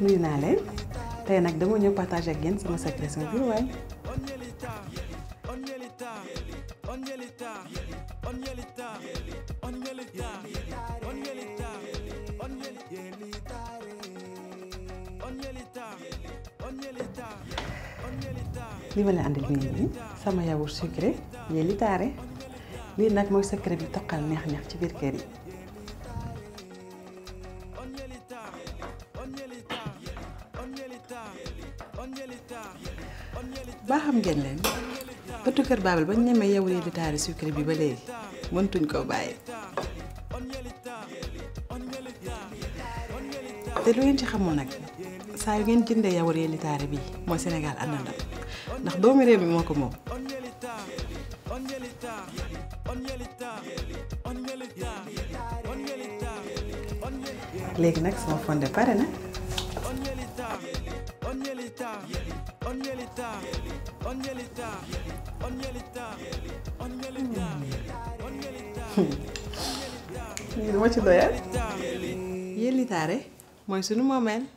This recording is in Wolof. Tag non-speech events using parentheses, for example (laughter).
nuyu naa leen tey nag dama ñëw partage ak yéen sama secret sama biir li ma la àndal nii nii sama yaourt sucré yelli taare lii nag mooy secret bi toqal neex-neex ci biir kër yi Onyelita, Onyelita, Onyelita, Onyelita, Onyelita. ba xam ngeen leen ëttu kër Baabal ba ñu ñemee yow yi di taari sucre bi ba léegi mëntuñ koo bàyyi. te lu ngeen ci xamoon nag saa yu ngeen jëndee yawar yi bii mooy Sénégal ànd ndax doomu réew mi moo ko moom. léegi nag sama fonde pare na hmm. (laughs) lii lu ma ci doyal yellitaare mooy sunu moomeel